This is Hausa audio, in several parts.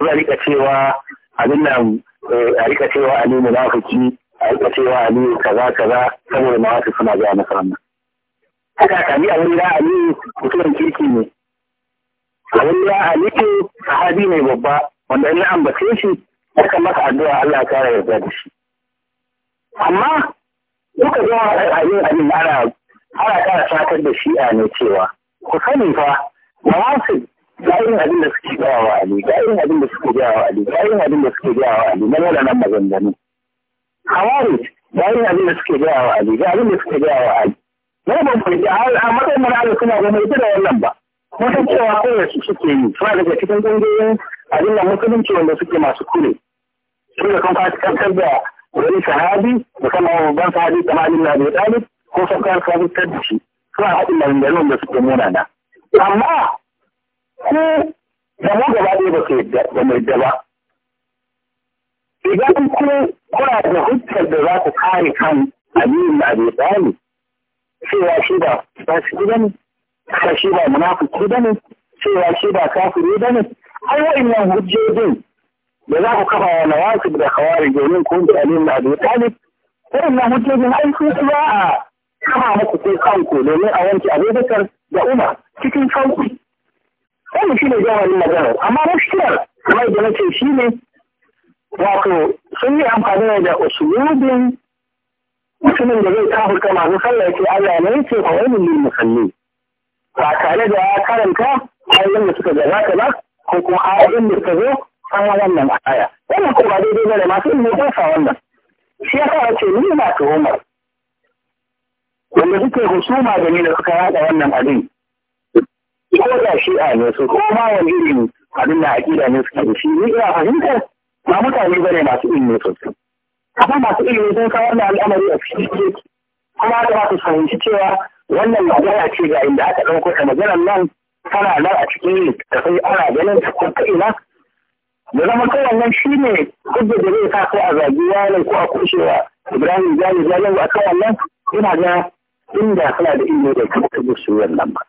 kuma rika cewa abin nan eh, a rika cewa ali munafiki a rika cewa ali kaza kaza saboda ma wasu suna gaya masa wannan haka kami a wani ali mutumin kirki ne a wani ali sahabi mai babba wanda in ambace shi aka masa addu'a Allah ya kara yarda da shi amma duka zama abin abin ana ana kara satar da shi shi'a ne cewa ku sani fa ba su ga irin abin da suke gaya wa Ali ga irin abin da suke gaya wa Ali ga irin abin da suke gaya wa Ali na wadannan maganganu Hawari ga irin abin da suke gaya wa Ali ga abin da suke gaya wa Ali na ban fahimci a matsayin mana da suna gama ita da wannan ba wata cewa kowace suke yi suna daga cikin ƙungiyoyin abin da musulunci wanda suke masu kure sun da kan fasikantar da wani sahabi musamman babban sahabi kamar Ali na Abi Talib ko sun kan fasikantar da suna haɗin maganganun da suke munana amma ko da gaba ɗaya ba ku yadda mai da ba. Idan ku kuna da hujjar da za ku kare kan Aliyu da Abi Talib cewa shi ba fasiki ba ne, cewa shi ba munafuki ba cewa shi ba kafiri ba ai wa'annan hujjojin da za ku kafa wa nawasib da kawari domin ku da Aliyu da Abi Talib wa'annan hujjojin ai su za a kafa muku ko kanku domin a wanke Abubakar da Umar cikin sauƙi. wannan shi ne yin magana amma gaskiya kamar da nace shi ne wato sun yi amfani ne da usulubin mutumin da zai kafurta masu sallah ya ce Allah ne ce fa wani lil musalli ba tare da ya karanta ayoyin da suka gabata ba ko kuma ayoyin da suka zo an wannan aya wannan ko ba daidai bane masu ilimi ba sa wannan shi ya kawo ce ni na tuhumar wanda suke husuma da ni da suka yada wannan abin ko da shi'a ne su ko ma wani irin abin da aƙida ne suke da shi ina fahimtar ba mutane ba ne masu ilimi sosai amma masu ilimi sun san wannan al'amari a cikin kuma da ba su fahimci cewa wannan magana ce ga inda aka ɗauko ta maganar nan tana nan a cikin sai ana ganin ta ko ta ina da zama kawai nan shi ne hujja da zai sa ko a zagi yanin ko a kushewa ibrahim jami jami a kawai nan ina ga inda suna da ilimi da kuma ta gusu ba.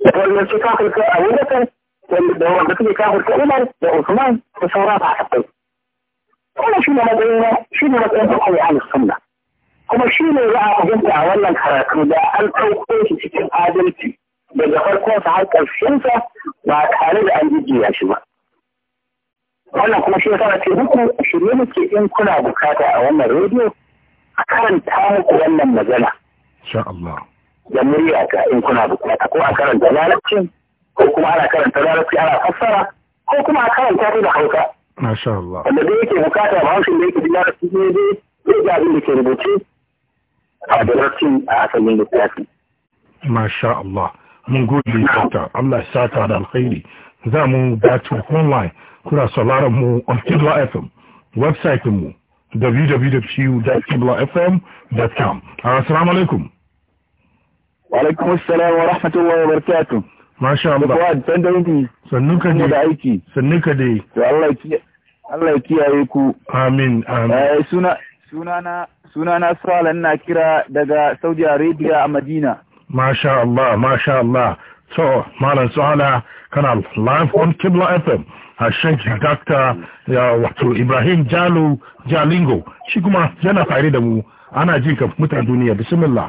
والانشقاق الأولى والانشقاق الأولى لعثمان تصورات عقدية ولا شيء لدينا شيء لدينا عن السنة kuma shi ne za a fahimta a wannan karatu da an ɗauko shi cikin adalci daga farkonsa har ƙarshensa ba tare da an jijjiya shi ba. Wannan kuma shi yasa ce muku shirye muke in kuna bukata a wannan rediyo a karanta muku wannan magana. Insha Allah. da murya ka in kuna bukata ko a karanta larabci ko kuma ana karanta larabci ana fassara ko kuma a karanta ta da hausa. Masha Allah. Wanda da yake bukata ba haushin da yake da larabci ne dai zai ga abin da ke rubuce a da larabcin a asalin littafi. Masha Allah. Mun gode dokta Allah ya sata da alkhairi. Za mu dace online kuna sauraron mu on Kibla FM website mu www.kiblafm.com. Assalamu alaikum. alaikum assalam wa rahmatullahi wa barakatuh masha Allah da kuwa da yinki sannu dai da aiki sannu ka dai to Allah ya Allah ya kiyaye ku amin amin eh, suna sunana sunana Sala kira daga Saudi Arabia a Madina masha Allah masha Allah so malam Sala kana live on Kibla FM a Sheikh Dr. ya wato Ibrahim Jalo Jalingo shi kuma yana tare da mu ana jin ka mutan duniya bismillah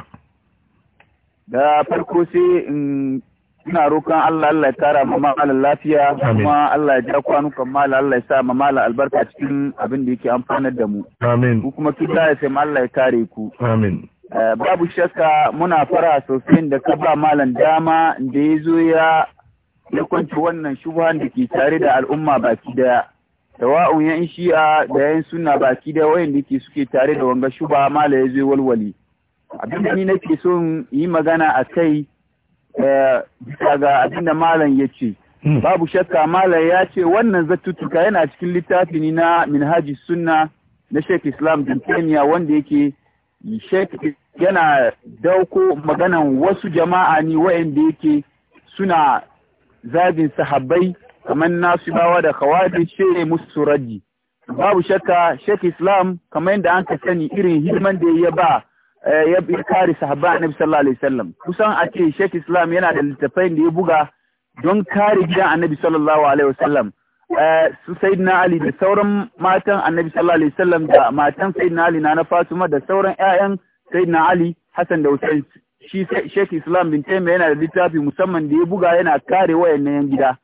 da farko sai in ina roƙon Allah Allah ya tara ma malam lafiya kuma Allah ya ja kwanukan mala Allah ya sa ma albarka cikin abin da yake amfanar da mu amin ku kuma kida ya sai Allah ya kare ku amin eh, babu shakka muna fara sosai da ka ba malam dama da ya zo ya ya kwanci wannan shubuhan da ke tare da al'umma baki daya tawa'un yan shi'a da yan sunna baki daya wayanda ke suke tare da wanga shuba mala ya zo walwali abin da ni nake son yi magana a kai eh, bisa ga abin da malam ya ce hmm. babu shakka malam ya ce wannan zattutuka yana cikin littafi ni na minhaji sunna na sheikh islam dantaniya wanda yake sheikh yana dauko maganan wasu jama'a ne wa'anda yake suna zagin sahabbai kamar nasibawa da kawai shere musu raji babu shakka sheikh islam kamar yadda an ka sani irin hidiman da ya ba Eh, ya kare sahaba annabi sallallahu alaihi wasallam kusan a ce Sheikh Islam yana da littafai da ya buga don kare gidan annabi sallallahu alaihi wasallam eh, su sayyidina Ali da sauran matan annabi sallallahu alaihi wasallam da matan sayyidina Ali na na Fatima da sauran ƴaƴan sayyidina Ali Hassan da Hussein shi Sheikh Islam bin Taymiyyah yana da littafi musamman da ya buga yana kare wayannan gida.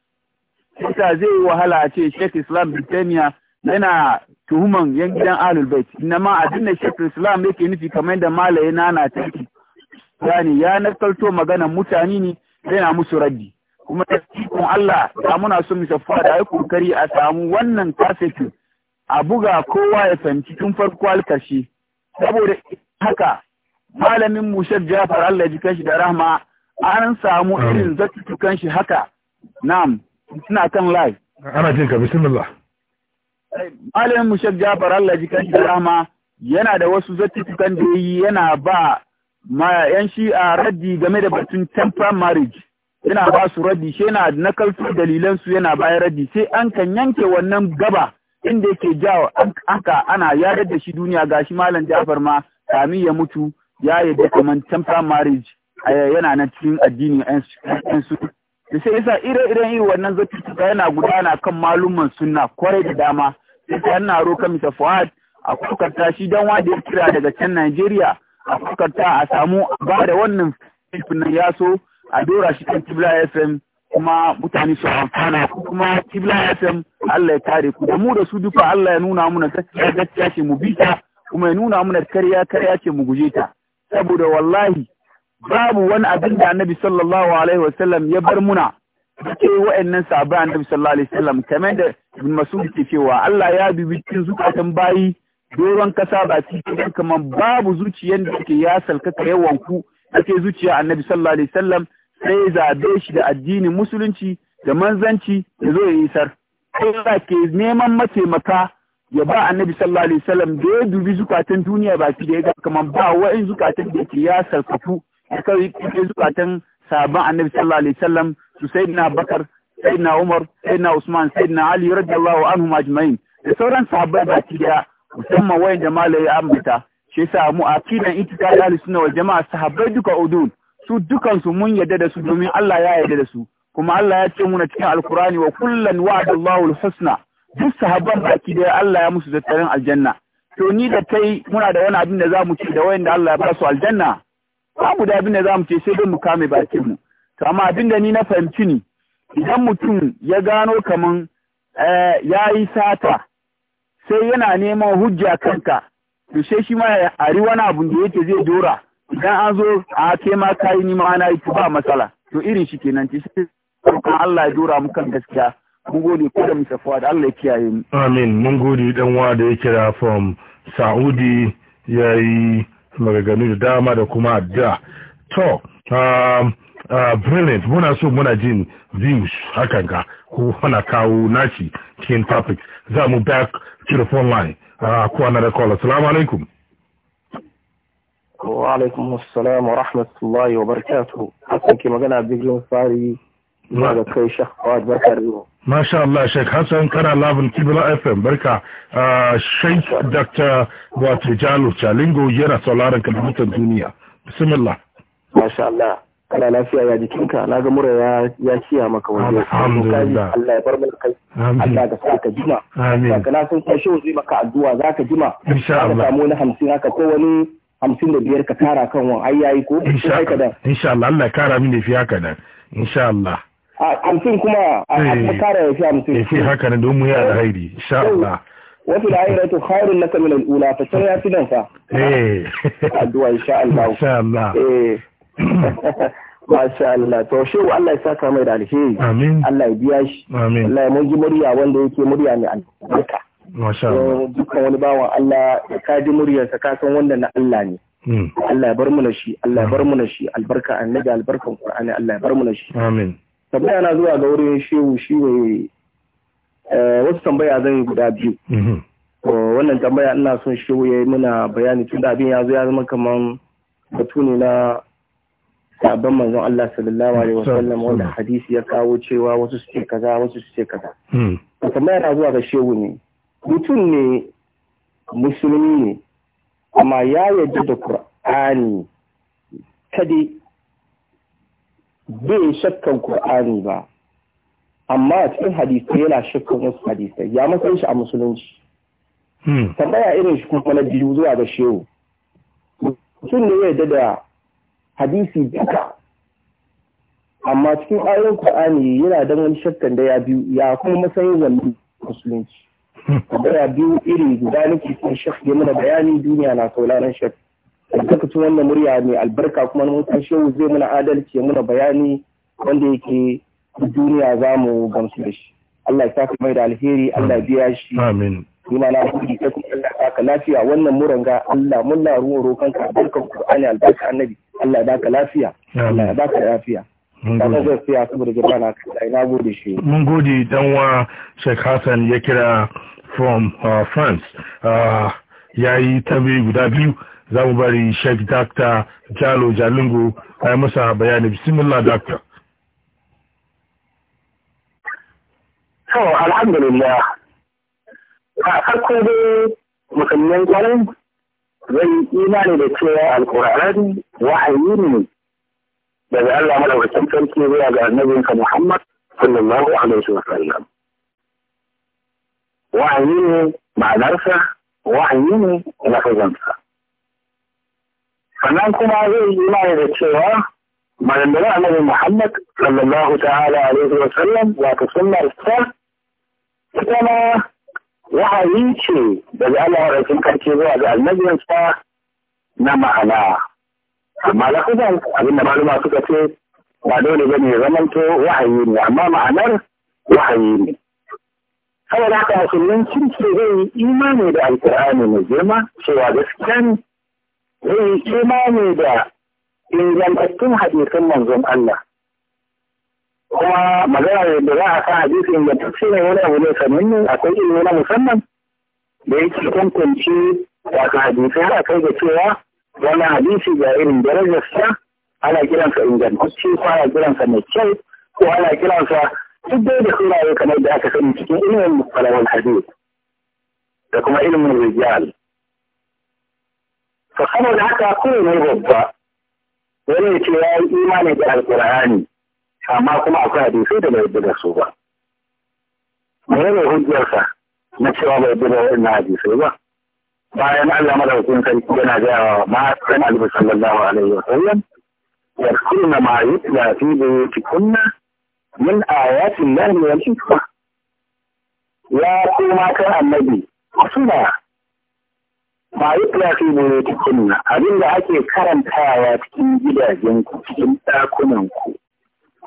Kusa zai wahala a ce Sheikh Islam bin Taymiyyah yana tuhuman yan gidan alul bait inma addinin shekul islam yake nufi kamar da malaye na tanki yani ya nakalto maganar mutane ne yana musu raddi kuma da cikin Allah da muna so mu safa da ai kokari a samu wannan kafetin a buga kowa ya fahimci tun farko al karshe saboda haka malamin musa Jafar Allah ji kanshi da rahma an samu irin zattukan shi haka na'am suna kan live ana jin ka bismillah malamin mu shek Jafar Allah ji kan rama yana da wasu zattukan da yi yana ba ma yan a raddi game da batun temporary marriage yana ba su raddi shi yana nakalto dalilan su yana bayan raddi sai an kan yanke wannan gaba inda yake jawo aka ana yarda da shi duniya gashi malam Jafar ma kamin ya mutu ya yadda kaman temporary marriage yana nan cikin addini yan su da sai yasa ire-iren yi wannan zattuka yana gudana kan malumman sunna kwarai da dama sai na roka misa fuad a kukarta shi dan wa da ya kira daga can Najeriya a kukarta a samu ba da wannan filfin nan ya so a dora shi kan Kibla FM kuma mutane su amfana kuma Kibla FM Allah ya kare ku da mu da su duka Allah ya nuna muna gaskiya gaskiya ce mu bita kuma ya nuna muna karya karya ce mu guje ta saboda wallahi babu wani abin da Annabi sallallahu alaihi wasallam ya bar muna duke wa'annan sahabbai annabi sallallahu alaihi wasallam kamar da ibn ke cewa Allah ya dubi cikin zukatan bayi doron kasa ba cikin kamar babu zuciyar da ke ya salkaka yawan ku ake zuciya annabi sallallahu alaihi wasallam sai zabe shi da addinin musulunci da manzanci ya zo ya isar Allah ke neman mataimaka ya ba annabi sallallahu alaihi wasallam da ya dubi zukatan duniya baki da ya ga kamar ba wa'in zukatan da ke ya salkatu da kawai zukatan sabon annabi sallallahu alaihi wasallam su sayyidina Bakar sayyidina Umar sayyidina Usman sayyidina Ali radiyallahu anhum ajma'in da sauran sahabbai baki daya musamman wayanda jama'a ya ambata shi yasa mu a akidan itikadi ahli sunna wal jama'a sahabbai duka udun su dukansu mun yadda da su domin Allah ya yadda da su kuma Allah ya ce muna cikin alkurani wa kullan wa'adallahu al-husna duk sahabban baki da Allah ya musu zattarin aljanna to ni da kai muna da wani abin da zamu ce da wayanda Allah ya ba su aljanna babu da abin da zamu ce sai dai mu kame bakin mu to amma abin da ni na fahimci ne idan mutum ya gano kaman eh, ya yi sata sai yana neman hujja kanka to sai shi ma ya ari wani abu da yake zai dora idan an zo a ke ma kayi ni ma ana yi ba matsala to irin shi kenan ce sai Allah ya dora mu kan gaskiya mun gode ko da musafa da Allah ya kiyaye mu amin mun gode dan wa da ya kira from Saudi ya yi maganganu da dama da kuma da to um, Ah, brilliant muna so muna jin views hakan ka ko hana kawo naci cikin topic za mu back to the phone line ah, ko da call assalamu alaikum wa alaikum assalam wa rahmatullahi wa barakatuh hasan ki magana bigin fari da kai shekh fawad barka da Masha Allah Sheikh hasan kana labin Kibla FM barka ah, Sheikh Dr. Wato Jalo Chalingo yana sauraron kalmutan duniya. Bismillah. Masha Allah. kana lafiya ya jikinka na ga mura ya kiya maka wani Allah ya bar mana kai Allah ka saka ka jima amin Kana na san sai shi maka addu'a zaka ka jima insha Allah ka samu na 50 haka ko wani 55 ka tara kan wani ai yayi ko insha Allah Allah ya kara mini fi haka nan insha Allah a hamsin kuma a kara eh. ya fi hamsin ya eh, fi haka nan don mu yi alhairi insha Allah wasu da ayyana to khairun laka min al-ula fa sai ya fi nan fa eh addu'a insha Allah insha Allah eh Masha Allah, to shehu Allah ya saka mai da alheri. Amin. Allah ya biya shi. Amin. Allah ya mun murya wanda yake murya mai albarka. Masha Allah. Dukkan wani bawan Allah ya kaji muryarsa ka san wanda na Allah ne. Hmm. Allah ya bar mu na shi, Allah ya bar mu na shi, albarka annabi albarkan Qur'ani Allah ya bar mu na shi. Amin. Tambaya na zuwa ga wurin shehu shi ne eh, wasu tambaya zan yi guda biyu. Mm-hmm. Wannan tambaya ina son shehu ya yi mana bayani tun da abin ya zo ya zama kamar batu ne na sabon manzon Allah sallallahu alaihi wasallam wanda hadisi ya kawo cewa wasu suke kaza wasu suke kaza hmm. kamar yana zuwa ga shehu ne mutum ne musulmi ne amma ya yarda da Qur'ani kadai bai shakkan Qur'ani ba amma a cikin hadisi yana shakkan wasu hadisai ya matsayin shi a musulunci hmm. tambaya irin shi kuma na biyu zuwa ga shehu mutum ne ya yarda da hadisi duka amma cikin ayoyin Qur'ani yana da wani shakkan da ya biyu ya kuma matsayin wannan musulunci da ya biyu iri guda nake son shakka game mana bayani duniya na sauraron ka ci wannan murya mai albarka kuma mun san shehu zai muna adalci ya mana bayani wanda yake duniya za mu gamsu da shi Allah ya saka mai da alheri Allah ya biya shi amin kuma na kuɗi kuma lafiya wannan muran ga Allah mun na ruwan rokan ka barkan Qur'ani albarka annabi Allah ya baka lafiya Allah ya baka lafiya kana zai siya saboda jama'a na kai na gode shi mun gode dan wa Sheikh Hassan ya kira from uh, France uh, yayi tabi guda biyu za mu bari Sheikh Dr. Jalo Jalingo ai masa bayani bismillah doctor to alhamdulillah a farko dai musulman kwarai zai yi imani da cewa alkur'ani wahayi ne daga Allah madaukakin sarki zuwa ga annabinka Muhammad sallallahu alaihi wa sallam wahayi ne ma'anarsa wahayi ne lafazansa sannan kuma zai yi imani da cewa magandarar annabi Muhammad sallallahu ta'ala alaihi wa sallam wato sunnar sa ita ma wa'ayi ce daga Allah sun karke zuwa ga sa na ma'ana amma lafazan abinda maluma suka ce ba dole bane ya to wahayi ne amma ma'anar wahayi ne saboda haka musulmin ce zai yi imani da alkur'ani mai girma cewa gaskiya ne zai yi imani da ingantattun sun manzon Allah kuma magana da za a sa hadisin da duk ne wani abu ne sanannu akwai ilimi na musamman da yake kunkunci wato hadisai har kai da cewa wani hadisi ga irin darajarsa ana kiransa ingantacce ko ana kiransa mai kyau ko ana kiransa duk dai da sunaye kamar da aka sani cikin ilimin musalawar hadis da kuma ilimin rijal. To saboda haka kowane babba wani ya ce ya yi imani da alkur'ani amma kuma akwai sai da bai da su ba mene ne hujjarsa na cewa bai da wannan sai ba bayan Allah madaukakin sarki yana gaya wa matan Annabi sallallahu alaihi wa sallam kunna ma yutla fi kunna min ayatin lahi wal hikma ya ku matan Annabi suna ma yutla fi kunna abinda ake karantawa cikin gidajenku cikin ɗakunanku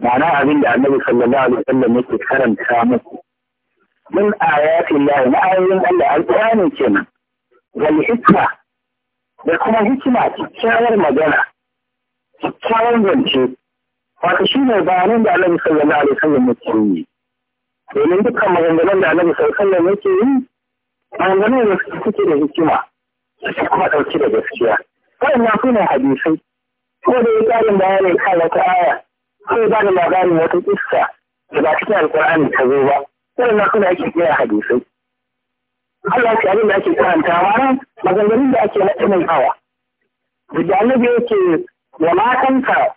ma'ana abin da annabi sallallahu alaihi wasallam yake karanta muku min ayatin lahi na ayoyin Allah alqur'ani kenan wal hikma da kuma hikima kyakkyawar magana kyakkyawar zance wato shi ne bayanan da annabi sallallahu alaihi wasallam yake yi domin dukkan maganganun da annabi sallallahu alaihi wasallam yake yi maganganun da suke da hikima suke kuma ɗauke da gaskiya waɗannan su ne hadisai ko da ya ƙarin bayanin kan wata aya sai ba da labarin wata kissa da ba cikin alkur'ani ta zo ba wannan suna ake kira hadisai Allah ya abin da ake karantawa nan maganganun da ake mai hawa da annabi yake wa matanka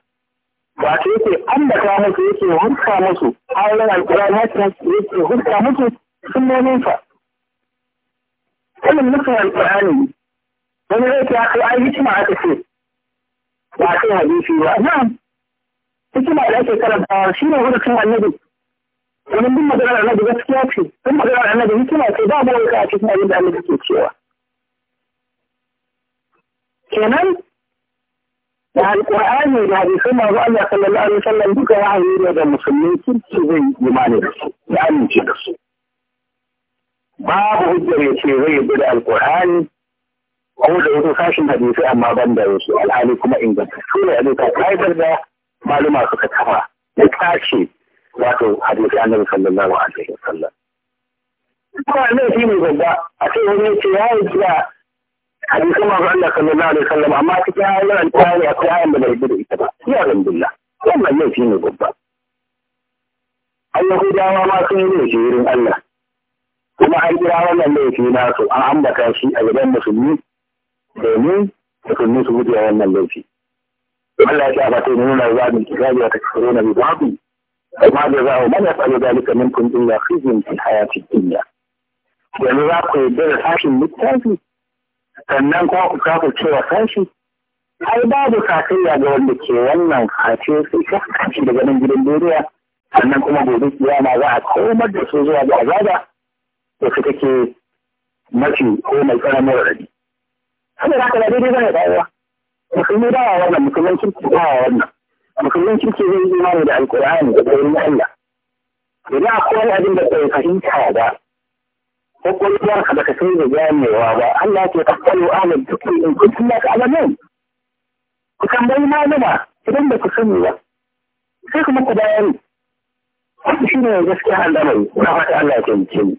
ta yake ambata musu yake hurta musu ayoyin alkur'ani haka yake hurta musu sunnoninsa sanin musu alkur'ani wani yake ya kai ai ma aka ce ba kai hadisi ba na'am hikima da ake karantawa shi ne hurucin annabi domin duk maganar annabi gaskiya ce duk maganar annabi hikima ce ba mu a cikin abin da annabi ke cewa kenan da alƙur'ani da hadisan masu Allah sallallahu alaihi wasallam duka wahayi ne da musulmi kirki zai imani da su ya amince da su babu hujjar ya ce zai bi da alƙur'ani ko da wasu sashin hadisi amma ban da wasu alhali kuma inganta su ne a duka ka'idar da maluma suka kafa ya tashi wato hadisi annabi sallallahu alaihi wasallam kuma shi mai babba a ce wani ya ce ya yi jiya hadisin masu Allah sallallahu alaihi wasallam amma cikin ayyukan ta akwai ayan da bai bi ita ba ya alhamdulillah wannan laifi ne babba an yahudawa ma sun yi shi wurin Allah kuma an kira wannan laifi nasu an ambata shi a gidan musulmi domin musulmi su guje wannan laifi Allah ya ce ba ta nuna za mu kitabi ta kafaro na bi babu amma da za mu mana tsare dalika min kun illa khizin fil hayati dunya yanzu za ku yarda da sashin littafi sannan kuma ku kafa cewa sashi ai babu kakayya ga wanda ke wannan face sai kashi daga nan gidan duniya sannan kuma gobe kiyama za a komar da su zuwa ga azaba da su take mafi ko mai tsananin raɗi. Saboda haka ba daidai ba ne ba musulmi ba wa wannan musulman kirki ba wa wannan musulman kirki zai yi imani da alkur'ani da tsayin Allah domin akwai wani abin da bai fahimta ba ko kwalwar ka baka sai da ganewa ba Allah ke kakkalu alal dukkan in kuntum la ta'lamun ku tambayi malama idan ba ku sani ba sai kuma ku bayani wannan shine gaskiya ne, na fata Allah ya taimake mu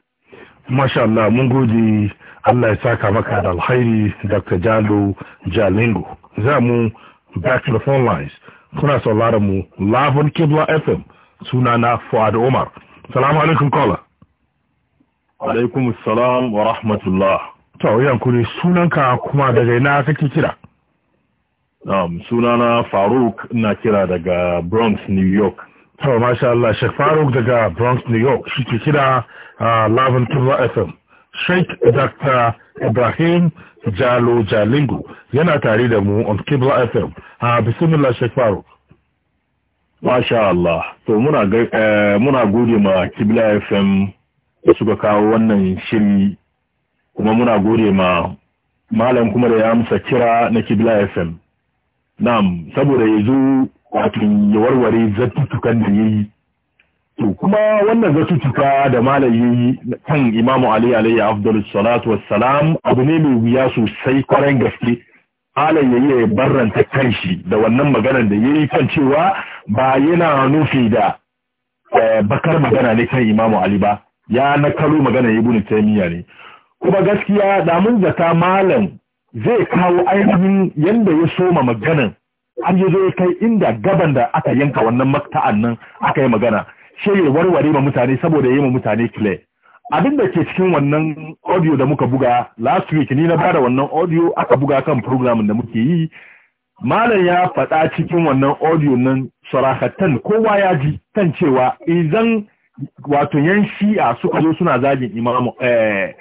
Masha Allah mun gode Allah ya saka maka da alhairi Dr. Jalo Jalingo. Za mu back to the phone lines. Kuna sauraron mu Lavon Kibla FM suna na Fuad Umar. Salamu alaikum kola. Alaikum salam wa rahmatullah. To ne sunanka kuma daga ina kake kira? Um, sunana Faruk na kira daga Bronx, New York. to masha Allah Sheikh Faruk daga Bronx New York shi ke kira uh, Lavin Turba FM Sheikh Dr. Ibrahim Jalo Jalingu yana tare da mu on Kibla FM a uh, bismillah Sheikh Faruk Masha Allah to muna eh, gode ma Kibla FM da suka kawo wannan shiri kuma muna gode ma malam kuma da ya amsa kira na Kibla FM Nam, saboda yanzu wato ya warware zattutukan da ya yi to kuma wannan zattutuka da malam ya yi kan imamu ali alayhi afdalus salatu wassalam abu ne mai wuya sosai kwarai gaske malam ya yi ya barranta kanshi da wannan maganar da ya yi kan cewa ba yana nufi da eh, bakar magana ne kan imamu ali ba ya nakalo magana ya ibn taimiyya ne kuma gaskiya damun zata malam zai kawo ainihin yadda ya soma maganar. har yi zai kai inda gaban da aka yanka wannan makta'an nan aka yi magana shi ya warware ma mutane saboda ya yi ma mutane kile abin da ke cikin wannan audio da muka buga last week ni na bada wannan audio aka buga kan program da muke yi malam ya faɗa cikin wannan audio nan sarakatan kowa ya ji kan cewa idan wato yan shi'a suka zo suna zagin imamu eh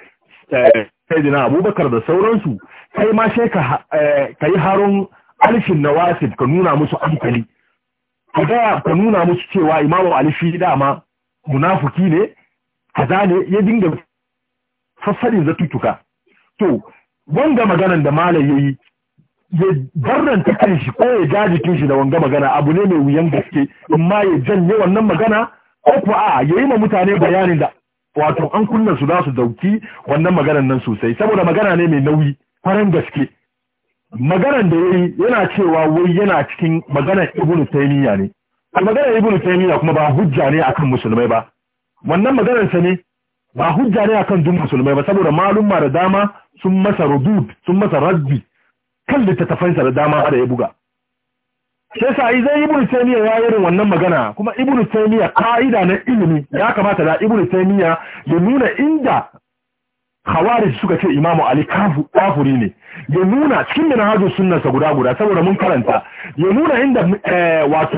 eh abubakar da sauransu kai ma sai ka eh, yi haron na wasif ka nuna musu hankali ka gaya ka nuna musu cewa imamu alifi dama munafuki ne kaza ne ya dinga fassarin zatutuka to wanga maganan da malam yi ya barranta kanshi ko ya jajikin shi da wanga magana abu ne mai wuyan gaske amma ya janye wannan magana ko ku a yi ma mutane bayanin da wato an kunna su za su dauki wannan maganan nan sosai saboda magana ne mai nauyi kwaran gaske maganar da ya yi yana cewa wai yana cikin maganar ibnu taymiya ne maganar ibnu taymiya kuma ba hujja ne akan musulmai ba wannan maganar sa ne ba hujja ne akan duk musulmai ba saboda malumma da dama sun masa rudud sun masa raddi kan littattafansa da dama da ya buga shi yasa zai ibnu taymiya ya yi irin wannan magana kuma ibnu taymiya ka'ida na ilimi ya kamata da ibnu taymiya ya nuna inda khawarij suka ce imamu ali kafuri ne ya nuna cikin minhajus sunansa guda guda saboda mun karanta ya nuna inda eh, wato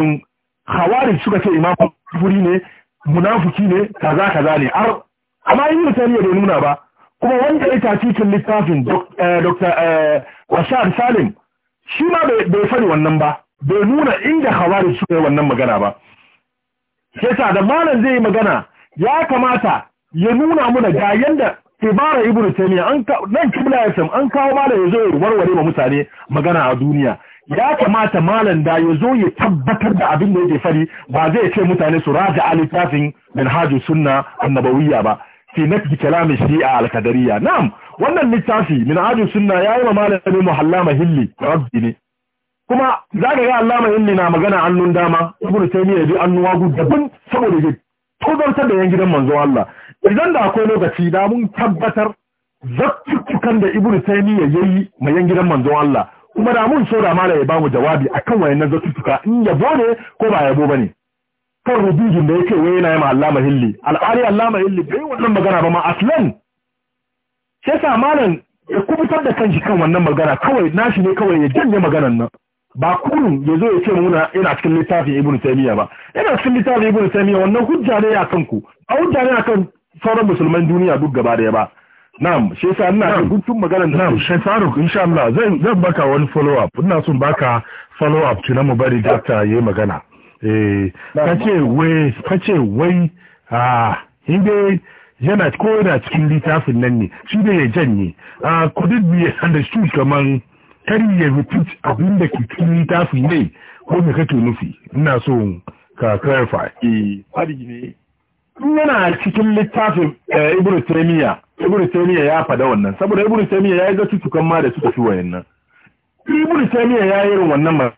khawarij suka ce imamu kafuri ne munafiki ne kaza kaza ne har amma yin ya bai nuna ba kuma wanda ya tafi cikin littafin dr eh, eh, Bashar salim shi ma bai fari wannan ba bai nuna inda khawarij suka yi wannan magana ba sai sa da malam zai yi magana ya kamata ya nuna muna ga yanda ibara ibnu taymiya an nan kibla ya sam an kawo malam yazo ya warware ma mutane magana a duniya ya kamata malam da yazo ya tabbatar da abin da yake fari ba zai ce mutane su raja alitafin minhajus sunna annabawiyya ba fi nafsi kalamin shi'a al-qadariyya na'am wannan littafi minhajus sunna yi ma malami muhallama hilli rabbi ne kuma zaka ga allama hilli na magana annun dama ibnu taymiya bi annuwa daban saboda ya tozartar da yan gidan manzon Allah idan da akwai lokaci da mun tabbatar zattukan da ibnu taymiya yayi mayan gidan manzon Allah kuma da mun so da mala ya bamu jawabi akan wayannan zattuka in yabo ne ko ba yabo ba bane kan rubujin da ce wai yana yi ma Allama Hilli al'ari Allama Hilli bai wannan magana ba ma aslan sai sa malam ya kubutar da kanshi kan wannan magana kawai nashi ne kawai ya janye maganan nan ba kurun ya zo ya ce muna yana cikin littafin Ibn taymiya ba yana cikin littafin Ibn taymiya wannan hujja ne akan ku a hujja ne akan sauran musulman duniya duk gaba daya ba na'am shi yasa ina da guntun maganar da na'am shi Faruk insha Allah zan zan baka wani follow up ina son baka follow up tuna mu bari doctor yayi magana eh kace wai kace wai ah inde yana ko yana cikin littafin nan ne shi da ya janye ah could it be understood kaman kari ya repeat abin da ke cikin littafin ne ko me kake nufi ina so ka clarify eh ne muna yana cikin littafin eh, ibnu Taimiyya. ibnu Taimiyya ya fada wannan saboda ibnu Taimiyya ya ga tutukan ma da suka fi wayannan ibnu Taimiyya ya yi wannan ma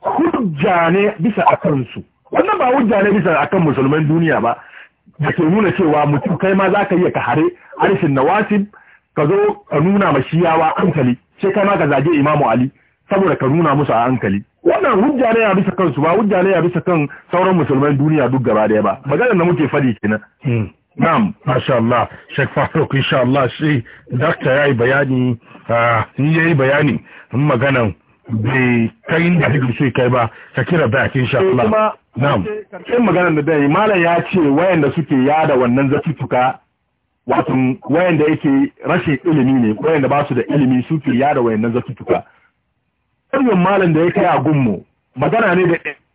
hujja ne bisa akan su wannan ba hujja ne bisa akan musulman duniya ba da ke nuna cewa mutum kai ma za ka iya ka hare harshen nawasib ka zo ka nuna ma shiyawa hankali sai kai ma ka zage imamu ali saboda ka nuna musu a hankali wannan hujja ne a bisa kansu ba hujja ne a bisa kan sauran musulman duniya duk gaba daya ba maganar da muke fadi kenan hmm. Na'am, masha Allah, Sheikh Faruk, insha Allah shi dakta ya yi bayani, ni ah, ya yi bayani maganan bai kai da duk sai kai ba, ka kira back insha Allah. Na'am. Karshen maganar da dai malam ya ce wayanda suke yada wannan zatutuka wato wayanda yake rashin ilimi ne, wayanda ba su da ilimi suke yada wayannan zatutuka. ɗanyen malam da ya kai a gunmu magana ne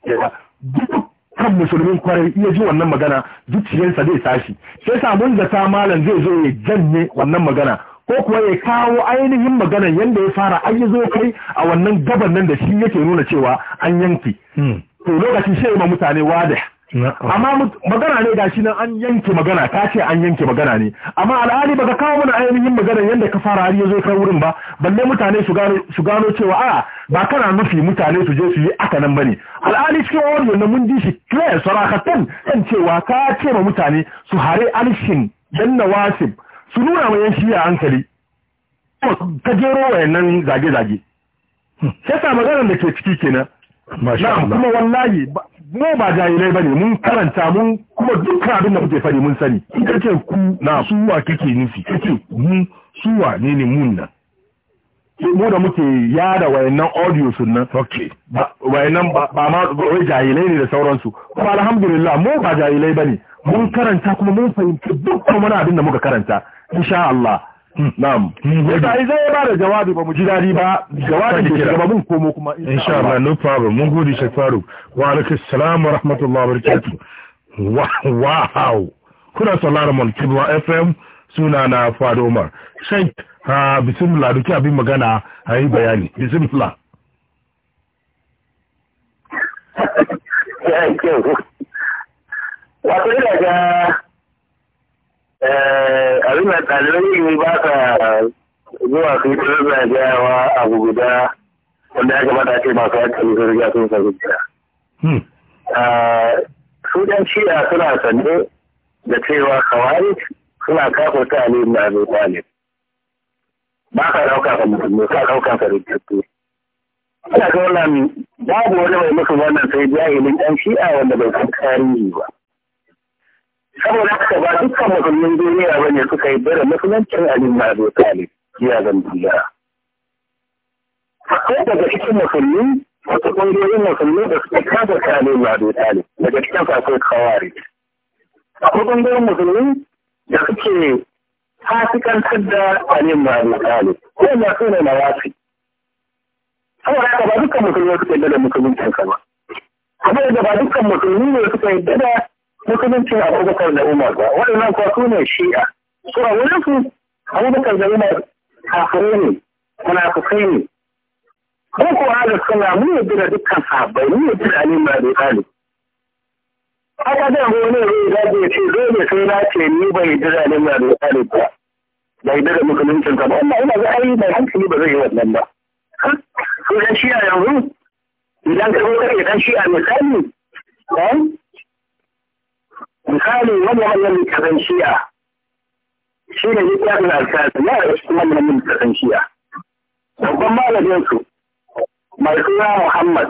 da dukkan musulmin kwarai iya ji wannan magana zuciyarsa zai tashi sai samun zata malam zai zo ya janye wannan magana ko kuwa ya kawo ainihin magana yadda ya fara an yi zo kai a wannan gaban nan da shi yake nuna cewa an yanki hmm. to lokacin shi ma mutane wada amma magana ne gashi nan an yanke magana ta ce an yanke magana ne amma ba baka kawo mana ainihin magana yadda ka fara har zai kai wurin ba balle mutane su gano cewa a ba kana nufi mutane su je su yi aka nan bane al'ali cikin wani na mun ji shi clear sarakatan kan cewa ka ce ma mutane su hare alshin dan nawasib su nuna ma yan shiya hankali ka jero wayannan zage zage hmm. sai sa maganar da ke ciki kenan kuma wallahi mu ba jahilai bane mun karanta mun kuma dukkan abin da kuke fari mun sani in kace ku na suwa kake nufi kace mu suwa ne ne mun nan mu da muke yada wayannan audio sun nan okay wayannan ba ma wai jahilai ne da sauransu kuma alhamdulillah mu ba jahilai bane mun karanta kuma mun fahimci dukkan wani abin da muka karanta insha Allah Na'am. Yasa in zai ba da jawabi ba mu ji dadi ba jawabin da shiga ba mun komo kuma insha Allah. no problem. Mun gode Sheikh Faruk. Wa alaikum assalam wa rahmatullahi wa barakatuh. Wow. Kuna sauraron mu Kibwa FM suna na Fado Umar. Sheikh ha bismillah duki abin magana a yi bayani. Bismillah. Wato ina ga abin da ɗaliban ba ka zuwa su yi zagayawa abu guda wanda ya ce masu sun hmm. ah, Su ɗan suna da cewa kawai suna kafa ta ne na kwale. Ba ka ɗauka ka ka ɗauka ka Ina ga wannan babu wani mai musu wannan sai jahilin ɗan shi'a wanda bai san tarihi ba. saboda haka ba dukkan musulmin duniya ba ne suka yi da musuluncin alim na abu talib ya zan duniya akwai daga cikin musulmi wasu ƙungiyoyin musulmi da suke kafa ta alim na abu talib daga cikin akwai kawari akwai ƙungiyoyin musulmi da suke fasikantar da alim na abu talib ko na su ne na wasi saboda haka ba dukkan musulmi suka yi da musuluncin ka ba kamar da ba dukkan musulmi ne suka yi da hukuncin abubakar da umar ba waɗannan kwaku ne shi'a so a wurin su abubakar da umar kafirai ne munafukai ne ko kuwa da suna mun bi da dukkan sahabbai mun yadda da alim ba da talib haka da wani ne da ya ce dole sai na ce ni bai yadda da alim ba da talib ba bai yadda da musuluncin ka ba amma ina ga ai mai hankali ba zai yi wannan ba ko dan shi'a yanzu idan ka zo kake dan shi'a misali eh? misali wani wannan littafin shi'a shi ne littafin alkali na da cikin wannan littafin shi'a babban malaminsu mai suna muhammad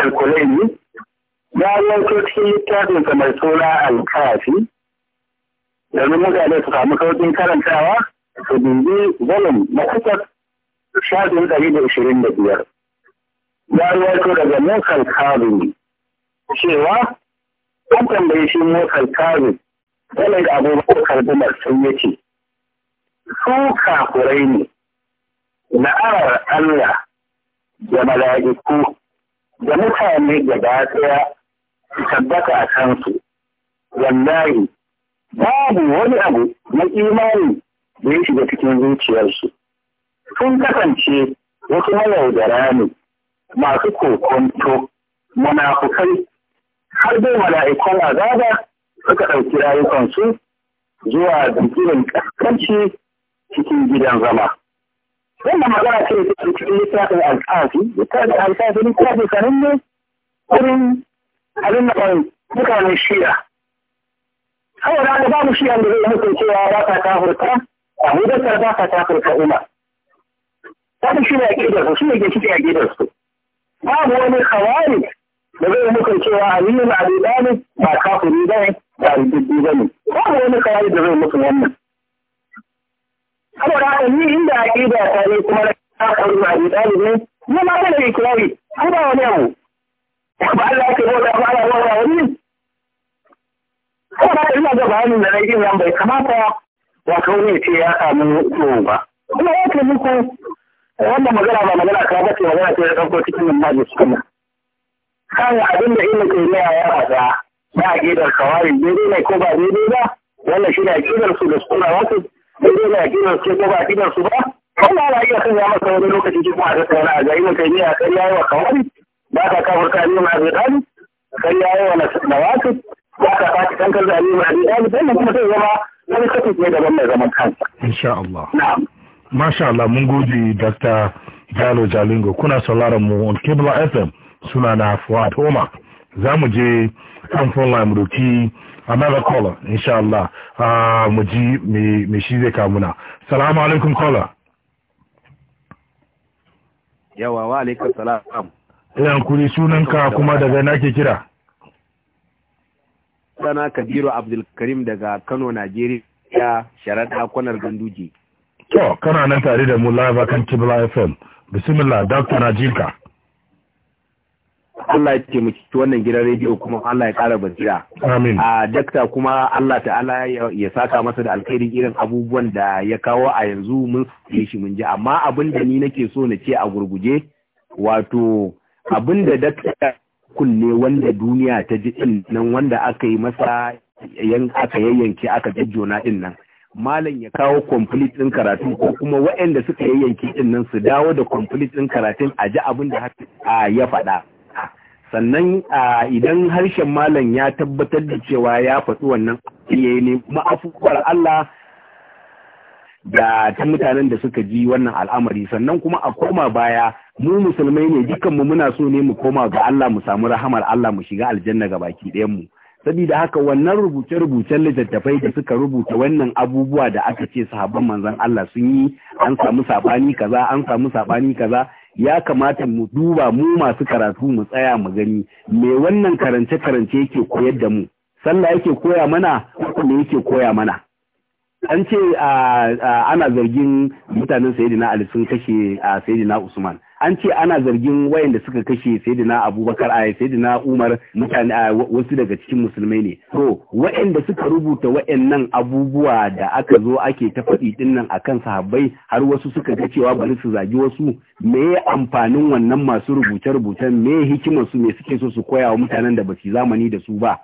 alkuleni ya yanko cikin littafinsa mai suna alkafi domin mutane su samu sauƙin karantawa su dubi zanen na kusa shafin ɗari da ishirin da biyar ya yanko daga musan kabini cewa an tambaye shi motar karu wani ga abubakar umar ya yace su kafurai ne arar Allah da mala'iku da mutane gaba ɗaya su tabbata a kansu wallahi babu wani abu na imani da ya shiga cikin zuciyarsu sun kasance wasu mayaudara ne masu kokonto munafukai har dai mala'ikun azaba suka ɗauki rayukansu zuwa bigirin ƙasƙanci cikin gidan zama. Wannan magana ce da take cikin littafin alƙafi, littafin alƙafi littafin ne wurin abin da kan mutanen shiya. Saboda haka babu shiya da zai mutu cewa ba ta kafurta, a da ba ta kafurta umma. Babu shi ne a gidansu, shi ne ke ciki a gidansu. Babu wani kawarin da zai mukan cewa aliyu na abu dalib ba kafiri ba ne ba rubuttu ba ne babu wani kawai da zai musu wannan saboda haka ni inda aƙida ta ne kuma na kafiri na abu dalib ne ni ma zai yi kirari ko ba wani abu ba Allah ya kawo da ba Allah ya wani saboda haka ina ga bayanin da na nan bai kamata wato ne ce ya samu tsoro ba kuma ya ce muku wannan magana ba magana ka ba ce magana ce ya ɗauko cikin nan ma da kan abin da ina kai ya faɗa ba aqidar kawari daidai ne ko ba ne ba wannan shi ne gidan su da suna wasu dai ne gidan su ko ba gidan su ba wannan ya iya ya masa wani lokaci cikin a tattauna a ga ina kai ya kai ya yi wa kawai ba ka kafurta ne ma zai ɗali kai ya yi wa wasu ba ka fata kankar da ne ma zai ɗali sannan kuma zai zama wani kafin ne daban mai zaman kansa. insha Allah. na'am. Masha Allah mun gode Dr. Jalo Jalingo kuna sauraron mu on Kibla FM suna na Fuad Omar za mu je kan phone line mu doki another insha Allah ah, mu ji mai shi zai kamuna salamu alaikum kola yawa wa alaikar salam yan kuri sunanka kuma daga nake kira sana kabiru abdulkarim daga kano najeriya sharaɗa kwanar ganduje to kana nan tare da mu live kan kibla fm bismillah dr najinka Allah ya taimaki wannan gidan rediyo kuma Allah ya ƙara basira. Amin. A dakta kuma Allah ta'ala ya saka masa da alkhairi irin abubuwan da ya kawo a yanzu mun yi shi mun ji amma abin da ni nake so na ce a gurguje wato abin da dakta kunne wanda duniya ta ji ɗin nan wanda aka yi masa yan aka yayyanke aka jajjona ɗin nan. Malam ya kawo complete ɗin karatu ko kuma waɗanda suka yayyanke ɗin nan su dawo da complete ɗin karatun a ji abin da ya faɗa. sannan idan harshen malam ya tabbatar da cewa ya faɗi wannan ya ne ma'afukwar Allah da ta mutanen da suka ji wannan al'amari sannan kuma a koma baya mu musulmai ne dukanmu muna so ne mu koma ga Allah mu samu rahamar Allah mu shiga aljanna ga baki ɗayan mu saboda haka wannan rubuce-rubucen littattafai da suka rubuta wannan abubuwa da aka ce sahabban manzon Allah sun yi an samu sabani kaza an samu sabani kaza ya kamata mu duba mu masu karatu mu tsaya mu gani me wannan karance-karance yake koyar da mu sallah yake koya mana ko ne yake koya mana an ce ana zargin mutanen sayyidina ali sun kashe sayyidina usman an ce ana zargin wayanda suka kashe sayyidina abubakar a sayyidina umar mutane wasu daga cikin musulmai ne to wayanda suka rubuta wayannan abubuwa da aka zo ake ta faɗi din nan akan sahabbai har wasu suka ga cewa bari su zagi wasu me amfanin wannan masu rubuce rubucen me hikimar su me suke so su koya wa mutanen da basu zamani da su ba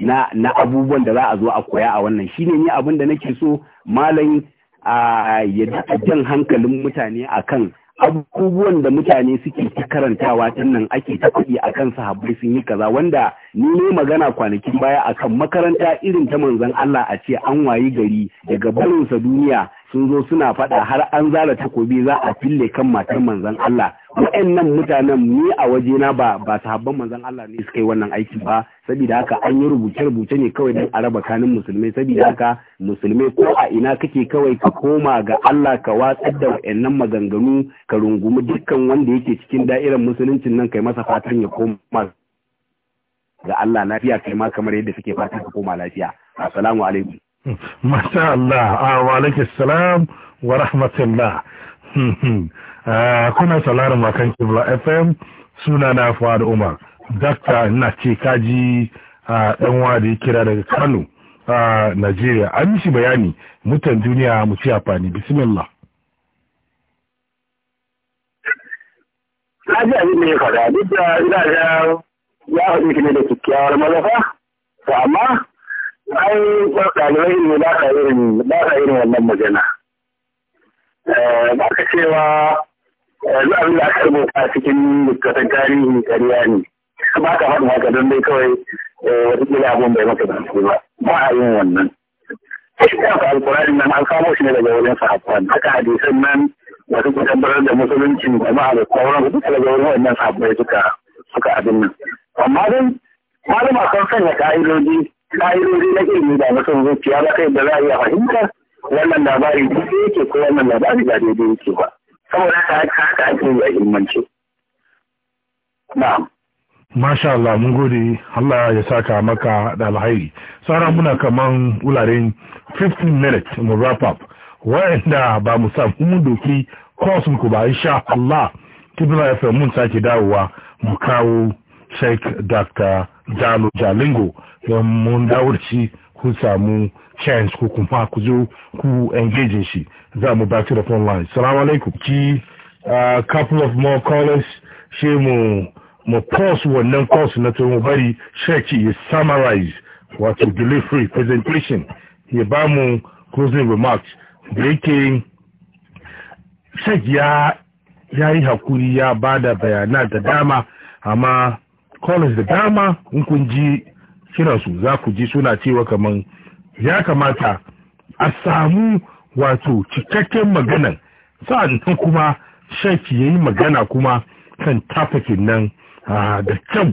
na na abubuwan da za a zo a koya a wannan shine ni abin da nake so malam a ya jan hankalin mutane akan abubuwan da mutane suke ta karantawa tun nan ake ta kuɗi a kan sahabbai sun yi kaza wanda ni ne magana kwanakin baya akan makaranta irin ta manzon Allah a ce an wayi gari daga barinsa duniya sun zo suna faɗa har an zara takobi za a fille kan matar manzan Allah wa'annan mutanen ni a waje na ba ba habban manzan Allah ne suka yi wannan aiki ba saboda haka an yi rubuce rubuce ne kawai don araba kanin musulmai saboda haka musulmai ko a ina kake kawai ka koma ga Allah ka watsar da wa'annan maganganu ka rungumi dukkan wanda yake cikin da'irar musuluncin nan kai masa fatan ya koma ga Allah lafiya kai ma kamar yadda suke fatan ka koma lafiya assalamu alaikum masha Allah ah, wa alaikis salam wa rahmatullah ah, kuna salarin makan kibla fm suna na umar dakta na ce kaji ah, dan wada kira daga kano a najeriya an mishi bayani mutan duniya mu ci amfani bismillah kaji abin da ya faɗa duk da ina ya haɗu ne da kyakkyawar mazafa amma ai ɗalibai ilimi ba ka irin ba ka irin wannan magana eh, ba ka cewa yanzu eh, abin da aka rubuta cikin littattafan tarihi ƙarya ne ba ka faɗin haka don dai kawai eh, wataƙila abin bai maka dace ba ba a yin wannan shi kansa alkurani nan an samo shi ne daga wajen sahabban haka hadisan nan da suka tabbatar da musuluncin jama'a da sauran su daga wajen wannan sahabbai suka suka abin nan amma dai malama sun sanya ka'idoji ƙa'idodi na ilimi da na son zuciya ba kai da za a iya fahimta wannan labari daidai yake ko wannan labari ba daidai yake ba saboda haka haka ake yi a ilmance Masha Allah mun gode Allah ya saka maka da alhairi. Sauran muna kaman wuraren 15 minutes mu wrap up. Wa'anda ba mu samu mun doki course ku ba insha Allah. Kibla FM mun sake dawowa mu kawo check dr jalo jalingo don mun dawo da shi kun samu chance ko kuma ku zo ku engage shi za mu ba da phone line salamu alaikum ki a couple of more callers she mu mu pause wannan course na tun bari shek ya summarize wato delivery presentation ya ba mu closing remarks da yake ya ya yi hakuri ya ba da bayanan da dama amma college da dama in kun ji kiransu za ku ji suna cewa kaman ya kamata a samu wato cikakken maganan sa'annan kuma shaki ya yi magana kuma kan tafakin nan da kyau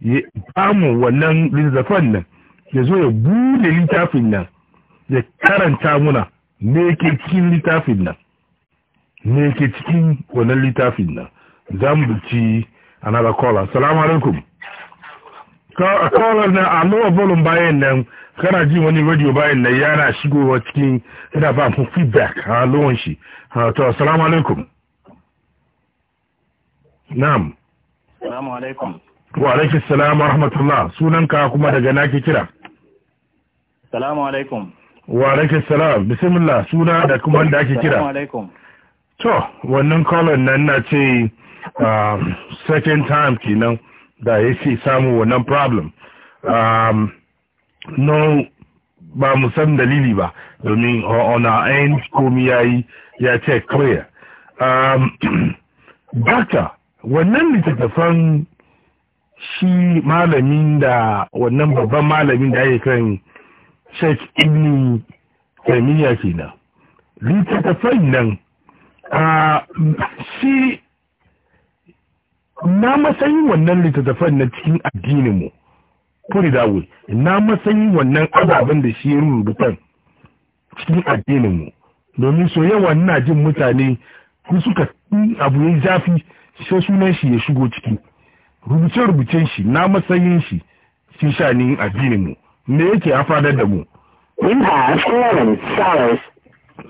ya bamu wannan linzafan nan ya zo ya bude littafin nan ya karanta muna ne ke cikin littafin nan ne ke cikin wannan littafin nan za mu ci another caller salamu alaikum caller na alluwa volume bayan nan kana ji wani radio bayan nan yana shigowa cikin yana ba mu feedback a alluwan shi to salamu alaikum na'am salamu alaikum wa alaikum salam wa rahmatullah sunanka kuma daga nake kira salamu alaikum wa alaikum salam bismillah suna da kuma da ake kira salamu alaikum to wannan caller nan na ce um, second time kenan da yake samun wannan problem um, no ba mu san dalili ba domin on our end komi ya yi ya ce clear um, doctor wannan littattafan shi malamin da wannan babban malamin da ya kan ibni ibn ke kenan littattafan nan uh, shi na matsayin wannan littattafan na cikin addinin mu put da na matsayin wannan ababen da shi rubutan cikin addinin mu domin so yawa ina jin mutane ku suka abu ya zafi sai sunan shi ya shigo ciki rubuce-rubucen shi na matsayin shi shi ni addinin mu me yake ya fadar da mu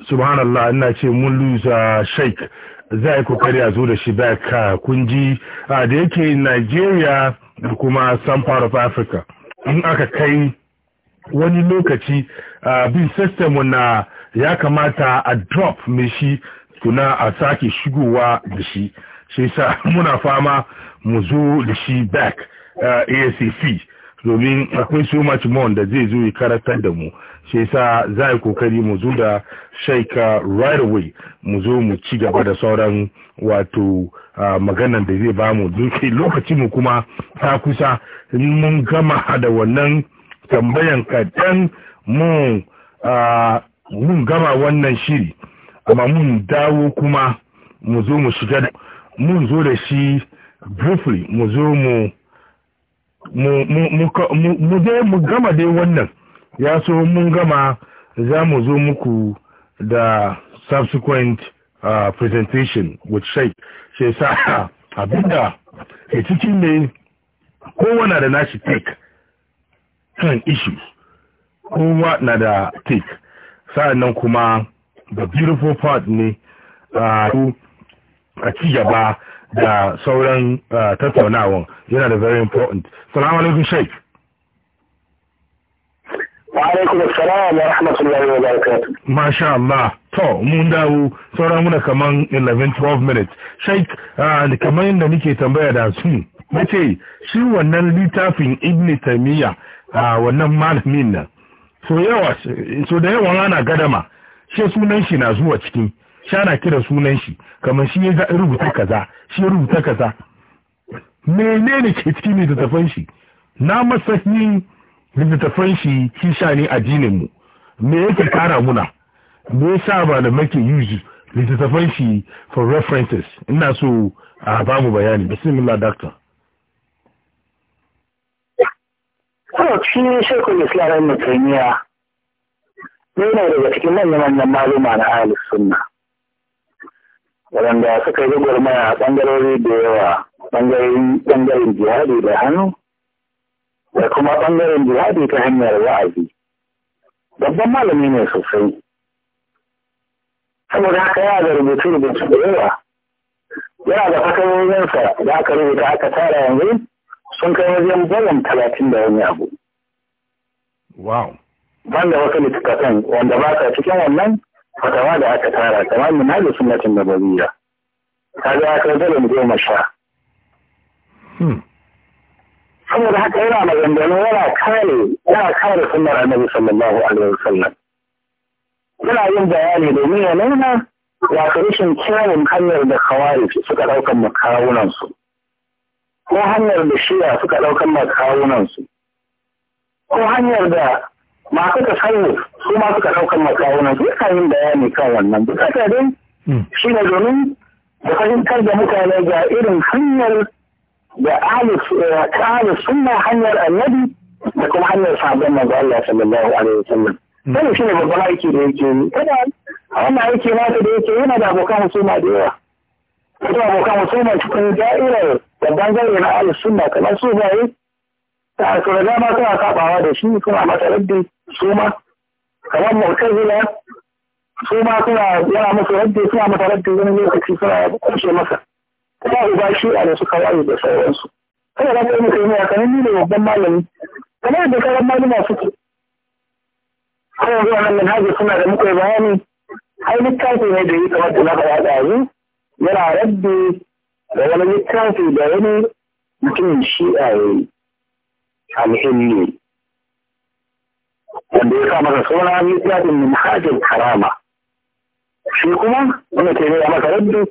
subhanallah ina ce mun lusa ah, sheik za a kokari a zo da shi back ah, kunji ah, da yake Nigeria da kuma some part of Africa in aka kai wani lokaci ah, bin system na ya kamata a drop mai shi kuna a sake shigowa da shi shi sa muna fama mu zo da shi back ASCC domin akwai so much more da zai zo ya karatar da mu shi sa za a kokari mu zo da shaika right away mu zo mu ci gaba da sauran wato maganan da zai bamu duk lokaci mu kuma ta kusa mun gama da wannan tambayan kaɗan mun mun gama wannan shiri amma mun dawo kuma mu zo mu shiga da mun zo da shi briefly mu zo mu mu gama dai wannan ya so mun gama za mu zo muku da subsequent uh, presentation with sheikh She sa abinda ke cikin ne kowane da nashi take kan issues kowa na da take nan kuma the beautiful part ne uh, a ci gaba da sauran uh, tattaunawan yana da very important salamu alaikum Sheikh. alaikum assalam wa rahmatullahi wa barakatuh masha Allah to mun dawo sauran muna kaman 11 12 minutes sheik ah, kamar yadda nake tambaya da su nace shi wannan littafin ibn tamiya ah, wannan malamin nan so yawa so da yawa ana gadama shi sunan shi na zuwa cikin shi ana kira sunan shi kamar shi ya rubuta kaza shi rubuta kaza menene ke cikin littattafan shi na masahin littattafan shi kisha ne addinin mu me yake kara muna me yasa da make use littattafan shi for references ina so a ba mu bayani bismillah doctor kuma shi ne shekul islam ibn ne na daga cikin manyan manyan maluma na ahlus sunna waɗanda suka yi gwagwarmaya a ɓangarori da yawa ɓangaren jihadi da hannu da kuma ɓangaren jihadi ta hanyar wa'azi babban malami ne sosai saboda haka yana da rubutu rubutu da yawa yana da fatawoyinsa da aka rubuta aka tara yanzu sun kai wajen bayan talatin da wani abu wow ban da wata littattafan wanda ba ta cikin wannan fatawa da aka tara kamar mina da sunnatin da bariya. Ta kai dole goma sha hmm. saboda haka yana maganganu yana kare yana kare sunnar annabi sallallahu alaihi wasallam yana yin bayani domin ya nuna wato rashin kyawun hanyar da khawarij suka ɗaukan makawunansu ko hanyar da shiya suka ɗaukan makawunansu ko hanyar da masu tasawuf su ma suka ɗaukan makawunansu yana yin bayani kan wannan bukata dai shi ne domin da fahimtar da mutane ga irin hanyar بألف كألف سنة حنر النبي لكم حنر صعب أن الله صلى الله عليه وسلم فلن شنو بطلع يكي ليكي كده أما يكي ناس ليكي هنا ده أبو كان سنة ديها كده أبو كان سنة تكون جائرة تبان جائرة على ألف سنة كما سنة ايه فأكبر جاء ما كنا قطع هذا شنو كنا ما تردي سنة كما مرتزلة سنة كنا يلا مفردي كنا ما تردي كنا مفردي كنا مفردي kuma uba shi a da suka da sauransu kada za ka yi mutum ya kanin babban malami kamar yadda karan malama suke kuma zuwa nan manhaji suna da muka yi bayani ai littafi ne da yi kamar da na ga da yanzu yana rabbi da wani littafi da wani mutumin shi a yi alhimmi wanda ya kama da suna littafin manhajin karama shi kuma wanda ke nuna rabbi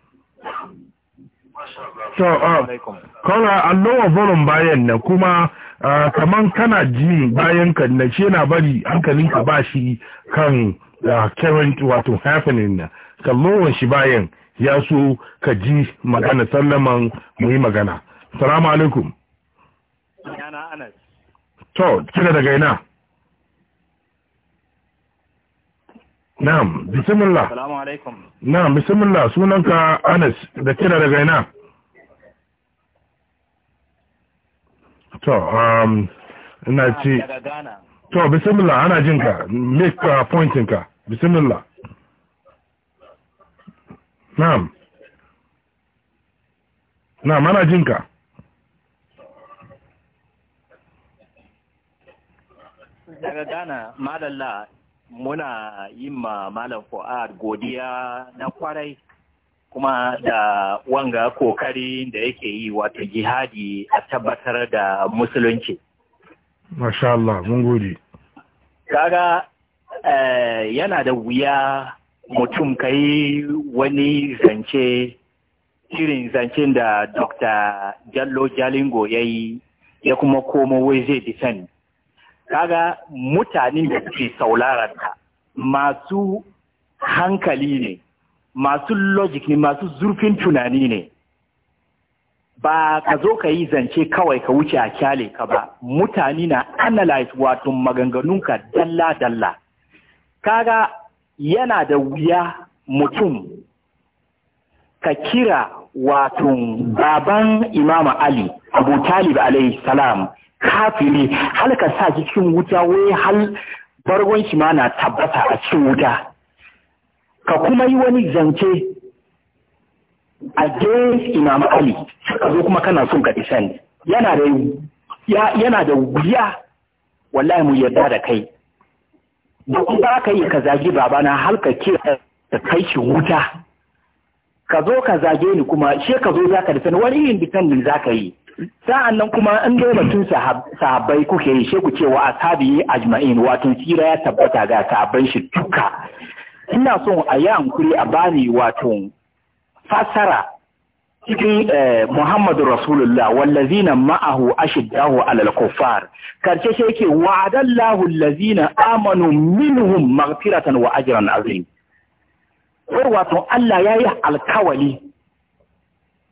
to kawai allowa volum bayan na kuma uh, kaman kana ji bayan ka na shi yana bari hankalinka ba shi kan uh, current wato happening na kallowar shi bayan ya so ka ji magana sallaman mu yi magana salamu alaikum to kina daga ina na'am bismillah salamu alaikum na'am bismillah sunanka anas da kina daga ina to um ina ah, ci. to bismillah ana jin ka make uh, pointin ka bismillah na'am na'am ana jin ka daga Ghana Malalla, muna yin ma malam Fuad godiya na kwarai kuma da wanga kokari da yake yi wato jihadi a tabbatar da musulunci. Masha Allah, mun gode. Kaga eh, yana da wuya mutum kai wani zance shirin zancen da Dr. Jallo Jalingo ya yi ya kuma komo wai zai sani. Kaga mutanen da suke sauraron masu hankali ne. masu logic ne masu zurfin tunani ne ba ka zo ka yi zance kawai ka wuce a kyale ka ba mutane na analyze wato maganganunka dalla-dalla kaga yana da wuya mutum ka kira wato baban imama ali abu talib alaihi salam kafiri har ka sa cikin wuta wai hal bargon shi ma na tabbata a cikin wuta ka kuma yi wani zance a against Imam Ali suka zo kuma kana son ka defend yana da yana da wuya wallahi mu yarda da kai don ba ka yi ka zagi babana har ka ke da kai shi wuta ka zo ka zage ni kuma she ka zo zaka da wani yin irin za zaka yi sa'an nan kuma in dai batun sahabbai kuke yi sheku cewa ashabi ajma'in wato tsira ya tabbata ga sahabban shi duka ina son a yi hankuri a bani wato fasara cikin eh, Muhammadu Rasulullah wallazina ma'ahu ashiddahu alal kuffar karshe shi yake wa'adallahu allazina amanu minhum maghfiratan wa ajran azim ko wato Allah yayi alkawali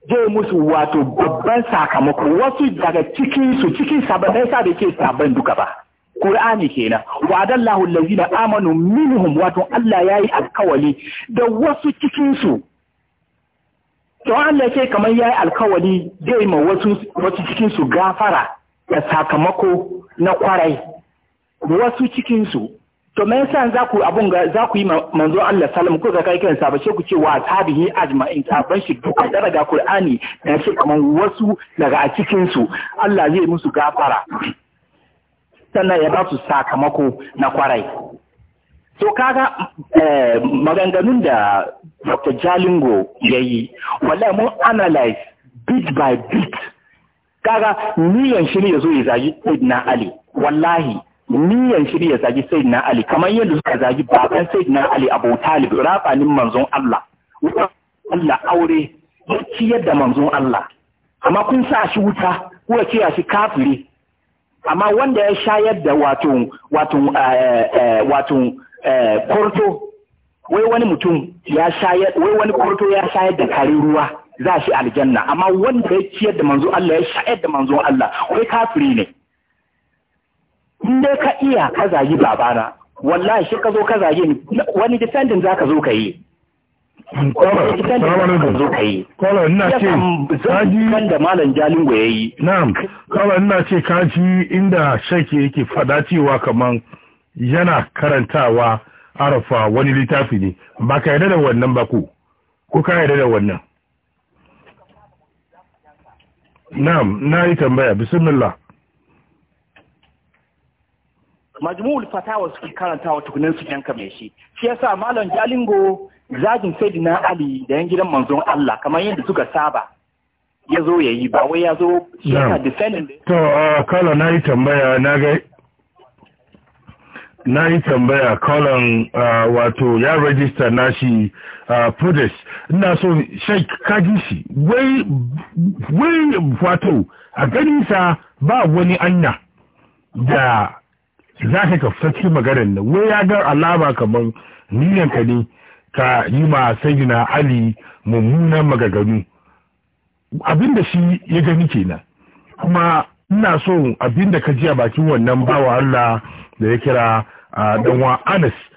zai musu wato babban sakamako wasu daga cikin su cikin sabon sa da ke saban duka ba Qur'ani kenan wa'adallahu allazina amanu minhum wato Allah yayi alkawali da wasu cikin su to Allah ce kamar yayi alkawali zai ma wasu wasu cikin su gafara da sakamako na kwarai wasu cikin su to me yasa za ku abun ga za ku yi manzo Allah sallam ko ga kai kan sa ba ku ce wa tabihi ajma'in ban shi duka da daga Qur'ani da shi kamar wasu daga cikin su Allah zai musu gafara sannan ya ba su sakamako na kwarai So kaga eh, maganganun da Dr. Jalingo ya yi wallahi mun analyze bit by bit kaga niyan shirya ya zo ya zagi na Ali wallahi niyan shirya ya zagi na Ali kamar yadda suka zagi baban na Ali Abu Talib rafanin manzon Allah Allah aure ya ciyar da manzon Allah amma kun sa shi wuta kuka ce shi kafiri amma wanda ya shayar da wato wato eh, eh, wato eh, kurto wai wani mutum ya shayar wai wani kurto ya shayar da kare ruwa za shi aljanna amma wanda ya ciyar da manzo Allah ya shayar da manzo Allah wai kafiri ne in dai ka iya ka zagi babana wallahi shi ka zo ka zagi ni wani defending zaka zo ka yi kwallo ina ce kaji da malam jalingo ya yi na'am kwallo ina ce kaji inda shaki yake fada cewa kaman yana karantawa arafa wani littafi ne ba ka yarda da wannan ba ku ko ka yarda da wannan na'am na yi tambaya bismillah majmu'ul fatawa suke karantawa tukunan su yanka mai shi shi yasa malam jalingo zagin sayyidina ali da yan gidan manzon Allah kamar yadda suka saba ya zo ya yi ba wai ya zo yana defending to kala uh, na yi tambaya na ga na yi tambaya kolon uh, wato ya rajista na shi Fudus, uh, ina so shai kaji shi wai wato a ganinsa ba wani anya da za ka kafa cikin maganin nan wai ya ga alama kamar niyanka ne Ka yi ma sayina ali mummunan magaganu abinda shi ya gani kenan kuma ina so abinda ka ji a bakin wannan bawa Allah da ya kira ah, dan wa Anas